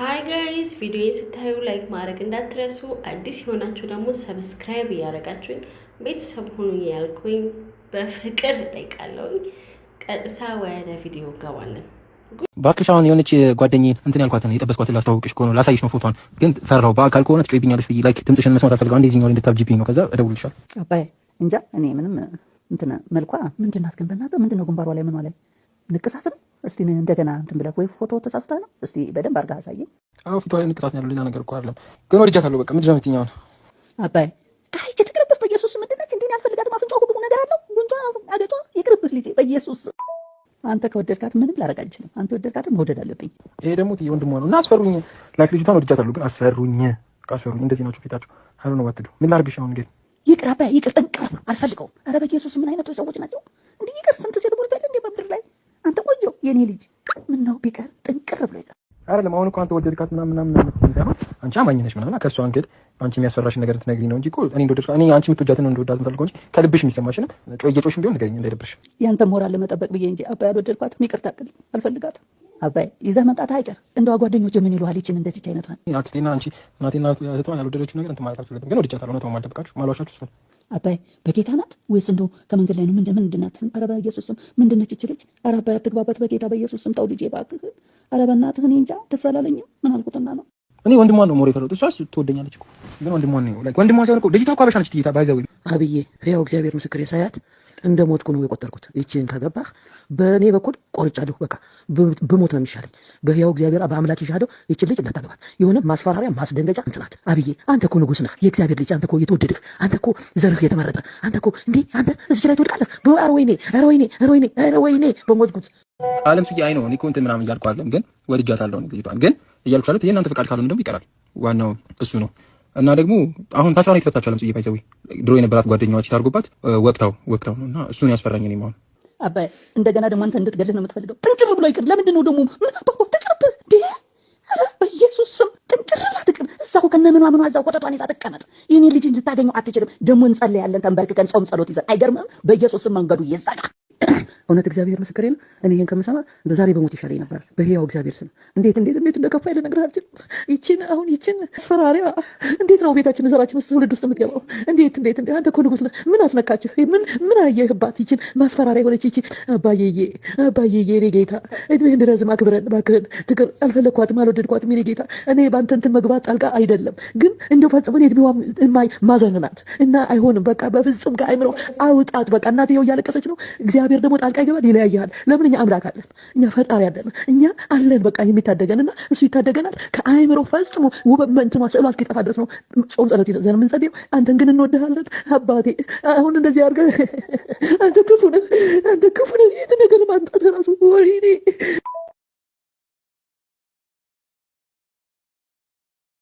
ሀይ ጋይስ ቪዲዮ ስታዩ ላይክ ማድረግ እንዳትረሱ። አዲስ የሆናችሁ ደግሞ ሰብስክራይብ እያደረጋችሁኝ ቤተሰብ ሁኑ ያልኩኝ በፍቅር እጠይቃለሁ። ቀጥታ ወደ ቪዲዮ ገባለን። እባክሽ አሁን የሆነች ጓደኛዬ እንትን ያልኳትን የጠበስኳትን ላስተዋውቅሽ ከሆነ ላሳይሽ ነው ፎቶዋን። ግን ፈራው በአካል ከሆነ ትጮይብኛለሽ ብዬ ላይክ ድምፅሽን መስማት አልፈልገው አንድ ዚኛው እንድታብጂብኝ ነው። ከዛ እደውልልሻለሁ። አባይ እንጃ እኔ ምንም እንትን መልኳ ምንድናት ግን በእናትህ ምንድን ነው ግንባሯ ላይ ምኗ ላይ ንቅሳት ነው እስቲ እንደገና እንትን ብለህ ወይ ፎቶ ተሳስተህ ነው እስቲ በደንብ አድርገህ አሳየኝ። ፎቶ ፊቷ ላይ ንቅሳት ያለው ሌላ ነገር እኮ አይደለም፣ ግን ወድጃታለሁ። በቃ ምንድን ነው የምትይኛውን አባይ አይቼ ትቅርብህ። በኢየሱስ ምንድነት እንዲህ አልፈልጋትም። አፍንጫ ሁሉ ነገር አለው፣ ጉንጫ፣ አገጫ ይቅርብህ ልጄ በኢየሱስ። አንተ ከወደድካት ምንም ላደርግ አልችልም። አንተ ወደድካትም መውደድ አለብኝ። ይሄ ደግሞ ትዬ ወንድሟ ነው እና አስፈሩኝ። ላይክ ልጅቷን ወድጃታለሁ፣ ግን አስፈሩኝ፣ አስፈሩኝ። እንደዚህ ናቸው ፊታቸው። ሀይሉ ነው ባትሉ ምን ላድርግሽ አሁን እንግዲህ ይቅር አባይ ይቅር፣ ጠንቅር አልፈልገውም። ኧረ በኢየሱስ ምን አይነቱ ሰዎች ናቸው እንዲህ ይቅር ስንት የኔ ልጅ ምን ነው ቢቀር ጥንቅር ብሎ ይቀር አይደለም። አሁን እኮ አንተ ወደድካት ምናምን ምናምን የምትይኝ ሳይሆን አንቺ አማኝ ነሽ ምናምን ከእሷ አንገድ አንቺ የሚያስፈራሽ ነገር ትነግሪኝ ነው እንጂ እኮ እኔ እንደወደድኩ እኔ አንቺ የምትወጃትን እንደወዳት የምታልከው እንጂ ከልብሽ የሚሰማሽንም እየጮሽም ቢሆን ንገሪኝ እንዳይደብርሽ። ያንተ ሞራል ለመጠበቅ ብዬ እንጂ አባይ አልወደድኳትም። ይቅርታ አቅልኝ አልፈልጋትም። አባይ ይዛ መምጣት አይቀር እንደዋ ጓደኞች ምን ይሉሃል? ይችን እንደዚች አይነቷን አክስቴና አንቺ እናቴና እህቷ ያልወደደችው ነገር እንትን ማለት አልችልም፣ ግን ወድጃታለሁ። እውነት ነው የማልደብቃችሁ ማሏሻችሁ እሱን አባይ በጌታ ናት ወይስ እንደው ከመንገድ ላይ ነው? ምንድን ናት? ኧረ በኢየሱስ ስም ምንድን ነች ይች ኧረ አባይ አትግባበት፣ በጌታ በኢየሱስ ስም ተው ልጄ እባክህ። ኧረ በእናትህ እኔ እንጃ ደስ አላለኝም። ምን አልኩትና ነው እኔ ወንድሟ ነው ሞሬ የፈለጉት። እሷስ ትወደኛለች ግን ወንድሟ ነው። ወንድሟ ሳይሆን ልጅቷ እኮ አበሻ ነች። ትይታ ባይዘ አብዬ ያው እግዚአብሔር ምስክር የሳያት እንደ ሞትኩ ነው የቆጠርኩት። ይቺን ከገባህ በእኔ በኩል ቆርጫለሁ። በቃ ብሞት ነው የሚሻለኝ። በህያው እግዚአብሔር በአምላክ ይሻለው። ይቺን ልጅ እንዳታገባት የሆነ ማስፈራሪያ ማስደንገጫ እንትናት። አብዬ አንተ እኮ ንጉስ ነህ፣ የእግዚአብሔር ልጅ አንተ እኮ የተወደድህ፣ አንተ እኮ ዘርህ የተመረጠ፣ አንተ እኮ እንዴ አንተ እዚች ላይ ትወድቃለህ። ኧረ ወይኔ፣ ኧረ ወይኔ፣ ኧረ ወይኔ፣ ኧረ ወይኔ በሞትኩት አለም ስዬ አይ ነው እኔ እኮ እንትን ምናምን እያልኩ አይደለም፣ ግን ወድጃታለሁ። ልጅቷን ግን እያልኩ ያለሁት የእናንተ ፈቃድ ካልሆነ ደግሞ ይቀራል። ዋናው እሱ ነው። እና ደግሞ አሁን ታስራ ነው የተፈታችው አለምጽጌ ባይዘዊ ድሮ የነበራት ጓደኛዎች ታርጉባት ወቅታው ወቅታው ነው እና እሱን ያስፈራኝ ነው ማለት አባይ እንደገና ደግሞ አንተ እንድትገልህ ነው የምትፈልገው ጥንቅር ብሎ አይቀር። ለምንድን ነው ደግሞ ምን አባባ ትቅርብህ እንዴ በኢየሱስ ስም ጥንቅር ላትቅር እዛሁ ከነ ምኗ ምኗ እዛው ቆጠጧን ይዛ ተቀመጥ የኔ ልጅ እንድታገኘው አትችልም ደግሞ እንጸለያለን ተንበርክከን ጾም ጸሎት ይዘን አይገርምም በኢየሱስ ስም መንገዱ ይዘጋ እውነት እግዚአብሔር ምስክሬ ነው። እኔ ይህን ከምሰማ ዛሬ በሞት ይሻለኝ ነበር። በህያው እግዚአብሔር ስም እንዴት እንዴት እንዴት እንደከፋ ነገር አልችልም። ይችን አሁን ይችን ፈራሪያ እንዴት ነው ቤታችን ዘራችን ውስጥ ትውልድ ውስጥ የምትገባው? እንዴት እንዴት እንዴት አንተ እኮ ንጉሥ ነህ። ምን አስነካችሁ? ምን ምን አየህባት? ይችን ማስፈራሪያ የሆነች ይቺ አባዬዬ አባዬዬ፣ እኔ ጌታ እድሜህን ረዝም አክብረን እባክህን ትግር አልፈለግኳትም፣ አልወደድኳትም። እኔ ጌታ እኔ በአንተ እንትን መግባት ጣልቃ አይደለም ግን እንደው ፈጽመን የእድሜዋ ማዘን ናት እና አይሆንም። በቃ በፍጹም ከአይምሮ አውጣት። በቃ እናትየው እያለቀሰች ነው እግዚአብሔር እግዚአብሔር ደግሞ ጣልቃ ይገባል፣ ይለያያል። ለምን እኛ አምላክ አለን፣ እኛ ፈጣሪ አለን፣ እኛ አለን። በቃ የሚታደገንና እሱ ይታደገናል። ከአእምሮ ፈጽሞ ውበመንትኗ መንትማ ስዕሉ እስኪጠፋ ድረስ ነው ጾም ጸሎት ይዘን የምንጸልየው። አንተን ግን እንወድሃለን አባቴ። አሁን እንደዚህ አድርገህ አንተ ክፉ ነህ፣ አንተ ክፉ ነህ። የት ነገር ማምጣት ራሱ ወሬ